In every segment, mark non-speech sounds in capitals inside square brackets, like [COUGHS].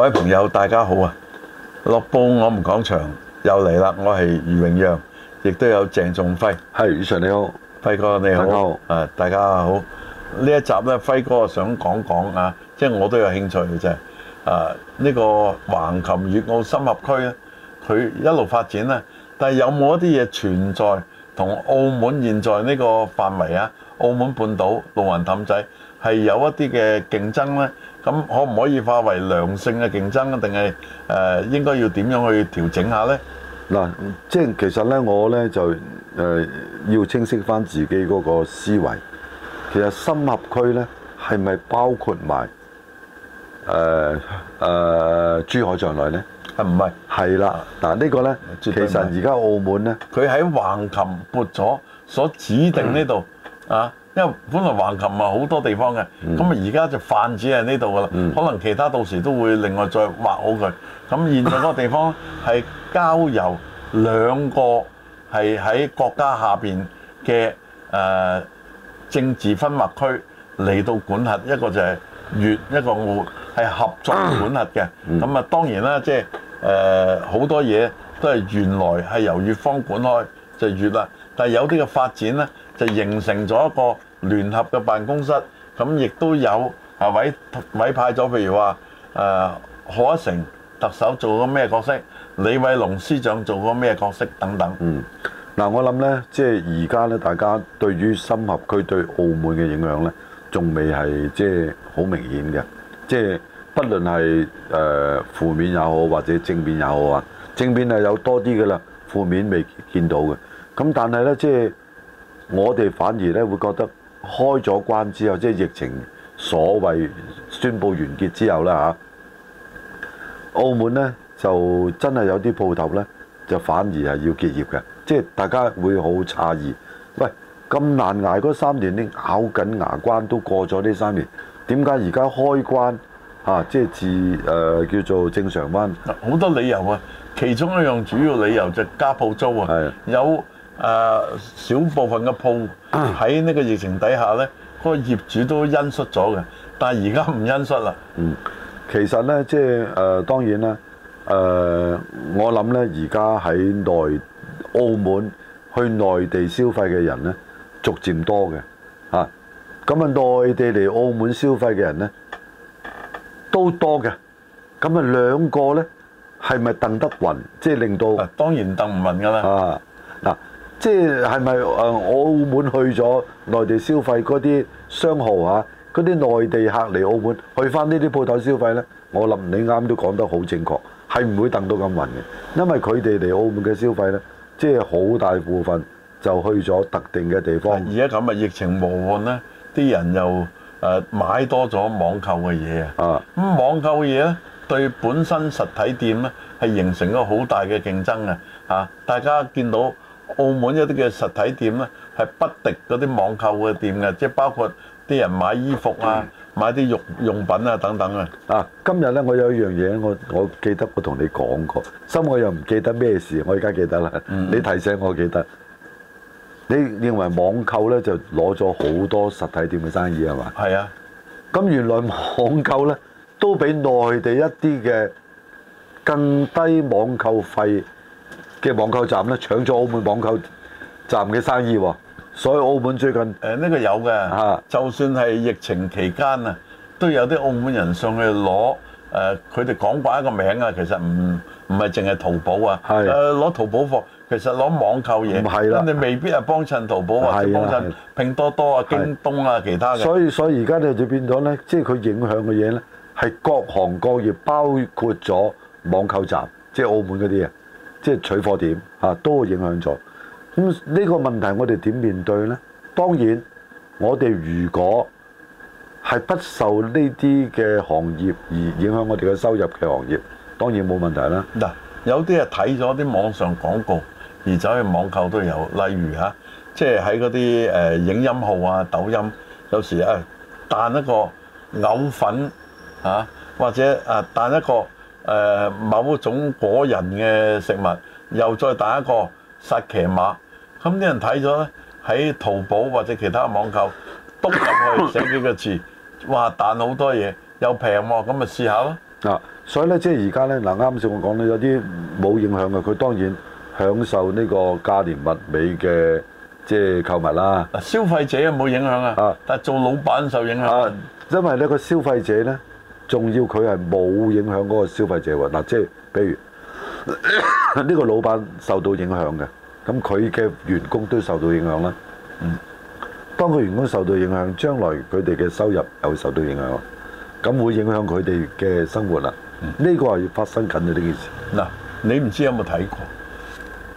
各位朋友，大家好啊！樂布我門廣場又嚟啦，我係余永揚，亦都有鄭仲輝。係，以 s 你好，輝哥你好、啊。大家好。大家好。呢一集咧，輝哥想講講啊，即、就、係、是、我都有興趣嘅啫、就是。啊、呢、這個橫琴粵澳深合區咧，佢一路發展咧，但係有冇一啲嘢，存在同澳門現在呢個範圍啊？澳門半島、路環氹仔係有一啲嘅競爭咧？咁可唔可以化為良性嘅競爭啊？定係誒應該要點樣去調整下呢？嗱，即係其實呢，我呢就誒要清晰翻自己嗰個思維。其實深合區呢係咪包括埋誒誒珠海在內呢？啊，唔係。係啦，嗱呢個呢，其實而家澳門呢，佢喺橫琴撥咗所指定呢度啊。因為本來橫琴咪好多地方嘅，咁啊而家就泛指喺呢度噶啦，嗯、可能其他到時都會另外再劃好佢。咁現在嗰個地方咧係、啊、交由兩個係喺國家下邊嘅誒政治分劃區嚟到管轄，一個就係粵，一個澳係合作管轄嘅。咁啊當然啦，即係誒好多嘢都係原來係由粵方管開就粵啦，但係有啲嘅發展咧。就形成咗一個聯合嘅辦公室，咁亦都有啊委委派咗，譬如話誒賀一誠特首做咗咩角色，李偉農司長做過咩角色等等。嗯，嗱我諗咧，即係而家咧，大家對於深合區對澳門嘅影響咧，仲未係即係好明顯嘅，即係不論係誒負面也好，或者正面也好啊，正面係有多啲嘅啦，負面未見到嘅。咁但係咧，即係。我哋反而呢會覺得開咗關之後，即係疫情所謂宣布完結之後啦嚇、啊，澳門呢就真係有啲鋪頭呢，就反而係要結業嘅，即係大家會好詫異。喂，咁難捱嗰三年，你咬緊牙關都過咗呢三年，點解而家開關嚇、啊、即係自誒、呃、叫做正常翻？好多理由啊，其中一樣主要理由就係加鋪租啊，係有。誒，小部分嘅鋪喺呢個疫情底下咧，嗰個業主都因失咗嘅，但係而家唔因失啦。嗯，其實咧，即係誒，當然咧，誒，我諗咧，而家喺內澳門去內地消費嘅人咧，逐漸多嘅嚇。咁啊，內地嚟澳門消費嘅人咧，都多嘅。咁啊，兩個咧係咪等得勻？即係令到啊，當然等唔勻噶啦。啊，嗱。即係咪誒？我澳門去咗內地消費嗰啲商號啊，嗰啲內地客嚟澳門去翻呢啲鋪頭消費呢？我諗你啱都講得好正確，係唔會等到咁暈嘅，因為佢哋嚟澳門嘅消費呢，即係好大部分就去咗特定嘅地方。而家咁啊，疫情無緩呢？啲人又誒買多咗網購嘅嘢啊。咁網購嘅嘢呢，對本身實體店呢，係形成咗好大嘅競爭啊。嚇，大家見到。澳門有啲嘅實體店咧，係不敵嗰啲網購嘅店嘅，即係包括啲人買衣服啊、買啲用用品啊等等啊。啊，今日咧我有一樣嘢，我我記得我同你講過，心我又唔記得咩事，我而家記得啦。嗯嗯你提醒我記得，你認為網購咧就攞咗好多實體店嘅生意係嘛？係啊，咁原來網購咧都比內地一啲嘅更低網購費嘅網購站咧搶咗澳門網購站嘅生意喎，所以澳門最近誒呢、呃呢個有嘅嚇，啊、就算係疫情期間啊，都有啲澳門人上去攞誒，佢、呃、哋講慣一個名啊，其實唔唔係淨係淘寶啊，誒攞、啊、淘寶貨，其實攞網購嘢，咁你未必係幫襯淘寶或者幫襯拼多多啊、京東啊，啊其他嘅。所以所以而家你就變咗咧，即係佢影響嘅嘢咧，係各行各業，包括咗網購站，即、就、係、係、澳門嗰啲啊。即係取貨點嚇、啊、都會影響咗，咁、嗯、呢、這個問題我哋點面對呢？當然，我哋如果係不受呢啲嘅行業而影響我哋嘅收入嘅行業，當然冇問題啦。嗱、嗯，有啲係睇咗啲網上廣告而走去網購都有，例如嚇、啊，即係喺嗰啲誒影音號啊、抖音，有時啊彈一個藕粉、啊、或者啊彈一個。誒、呃、某種果仁嘅食物，又再打一個沙琪瑪，咁啲人睇咗咧，喺淘寶或者其他網購篤入去寫幾個字，話 [LAUGHS] 彈好多嘢，又平喎、啊，咁咪試下咯。啊，所以咧即係而家咧嗱，啱先我講咧有啲冇影響嘅，佢當然享受呢個價廉物美嘅即係購物啦。啊、消費者有冇影響啊，啊但係做老闆受影響、啊啊、因為呢個消費者咧。仲要佢係冇影響嗰個消費者喎，嗱、啊，即係比如呢、 [COUGHS] 呢個老闆受到影響嘅，咁佢嘅員工都受到影響啦。嗯，當佢員工受到影響，將來佢哋嘅收入又會受到影響，咁會影響佢哋嘅生活啊。嗯，呢個係發生緊嘅呢件事。嗱、啊，你唔知有冇睇過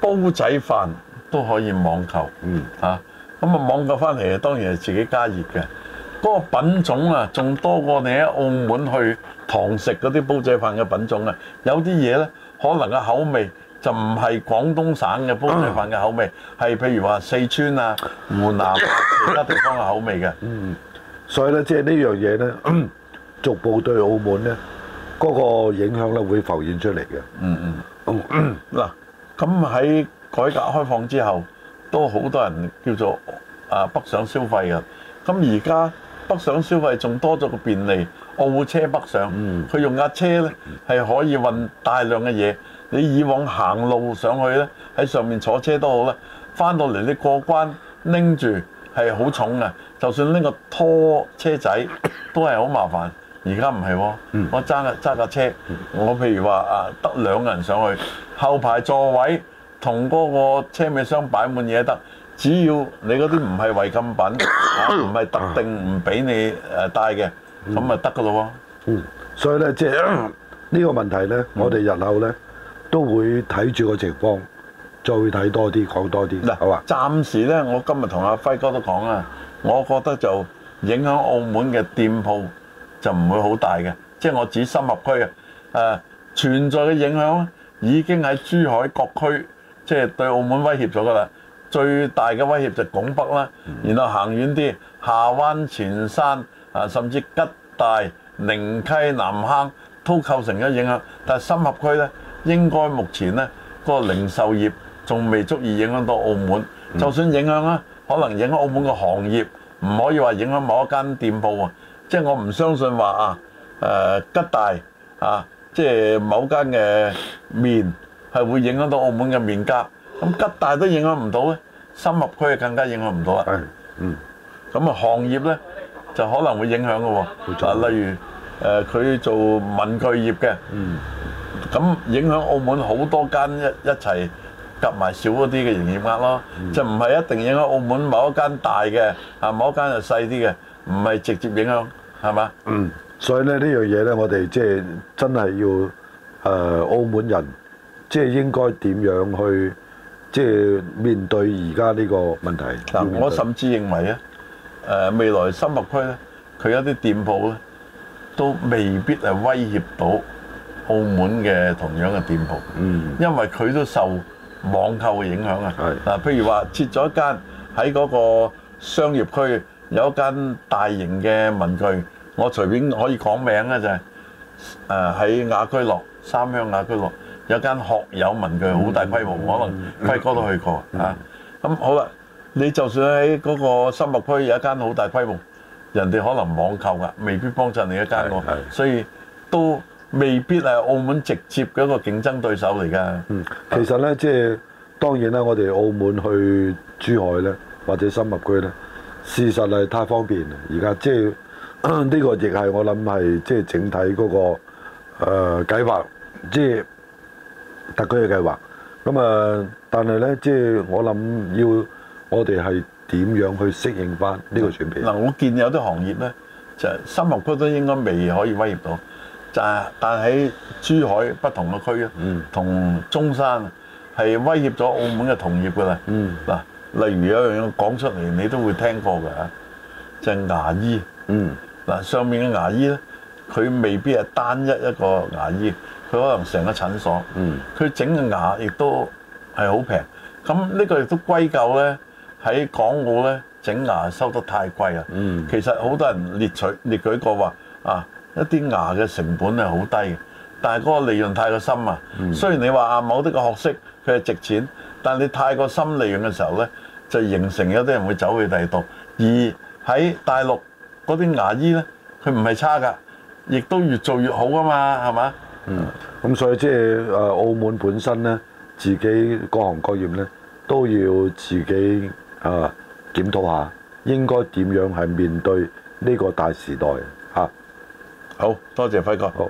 煲仔飯都可以網購。嗯。啊，咁啊，網購翻嚟啊，當然係自己加熱嘅。嗰個品種啊，仲多過你喺澳門去堂食嗰啲煲仔飯嘅品種啊！有啲嘢呢，可能個口味就唔係廣東省嘅煲仔飯嘅口味，係譬如話四川啊、湖南啊、其他地方嘅口味嘅。嗯，所以呢，即係呢樣嘢呢，逐步對澳門呢嗰個影響呢會浮現出嚟嘅。嗯嗯。嗱，咁喺改革開放之後，都好多人叫做啊北上消費嘅。咁而家北上消費仲多咗個便利，澳車北上，佢用架車呢係可以運大量嘅嘢。你以往行路上去呢，喺上面坐車都好啦，翻到嚟你過關拎住係好重嘅，就算拎個拖車仔都係好麻煩。而家唔係，我揸架揸車，我譬如話啊，得兩個人上去，後排座位同嗰個車尾箱擺滿嘢得。只要你嗰啲唔係違禁品，唔係特定唔俾、啊、你誒帶嘅，咁咪得噶咯喎。嗯，所以咧，即係呢個問題咧，嗯、我哋日後咧都會睇住個情況，再睇多啲，講多啲嗱。好啊。好吧，暫時咧，我今日同阿輝哥都講啊，我覺得就影響澳門嘅店鋪就唔會好大嘅，即、就、係、是、我指深合區啊。誒，存在嘅影響已經喺珠海各區，即、就、係、是、對澳門威脅咗噶啦。最大嘅威脅就拱北啦，然後行遠啲，下灣前山啊，甚至吉大、寧溪、南坑都構成咗影響。但係深合區呢，應該目前呢個零售業仲未足以影響到澳門。就算影響啦，可能影響澳門嘅行業，唔可以話影響某一間店鋪啊。即係我唔相信話啊，誒吉大啊，即係某間嘅麵係會影響到澳門嘅麵價。咁吉大都影響唔到咧，深合區更加影響唔到啊。係，嗯，咁啊行業咧就可能會影響嘅喎。啊，例如誒佢做文具業嘅，咁影響澳門好多間一一齊夾埋少一啲嘅營業額咯。就唔係一定影響澳門某一間大嘅，啊某一間就細啲嘅，唔係直接影響，係嘛？嗯，所以咧呢樣嘢咧，我哋即係真係要誒澳門人，即係應該點樣去？即係面對而家呢個問題，嗱，我甚至認為咧，誒未來新樂區深合區咧，佢一啲店鋪咧，都未必係威脅到澳門嘅同樣嘅店鋪，嗯，因為佢都受網購嘅影響啊，係嗱，譬如話設咗間喺嗰個商業區有一間大型嘅文具，我隨便可以講名咧就係誒喺雅居樂三鄉雅居樂。有間學友文具好大規模，嗯嗯嗯、可能輝哥都去過嚇。咁、嗯嗯啊、好啦，你就算喺嗰個深合區有一間好大規模，人哋可能網購啊，未必幫襯你一間喎，嗯嗯、所以都未必係澳門直接嗰個競爭對手嚟噶、嗯。其實呢，是即係當然啦，我哋澳門去珠海呢，或者深合區呢，事實係太方便。而家即係呢、這個亦係我諗係即係整體嗰、那個誒計、呃呃、即係。即特區嘅計劃，咁啊，但係咧，即係我諗要我哋係點樣去適應翻呢個轉變？嗱、嗯，嗯、我見有啲行業咧，就係、深合區都應該未可以威脅到。就係但喺珠海不同嘅區咧，同中山係威脅咗澳門嘅同業嘅啦。嗱、嗯，例如有樣嘢講出嚟，你都會聽過嘅嚇，就牙、係、醫。嗱、嗯，上面嘅牙醫咧，佢未必係單一一個牙醫。佢可能成個診所，佢、嗯、整嘅牙亦都係好平。咁呢個亦都歸咎呢喺港澳呢整牙收得太貴啊。嗯、其實好多人列取列舉過話啊，一啲牙嘅成本係好低，但係嗰個利潤太過深啊。嗯、雖然你話啊某啲嘅學識佢係值錢，但係你太過深利潤嘅時候呢，就形成有啲人會走去第二度。而喺大陸嗰啲牙醫呢，佢唔係差㗎，亦都越做越好啊嘛，係嘛？嗯，咁所以即係誒，澳門本身咧，自己各行各業咧，都要自己啊檢討下，應該點樣係面對呢個大時代吓？啊，好多謝輝哥。好。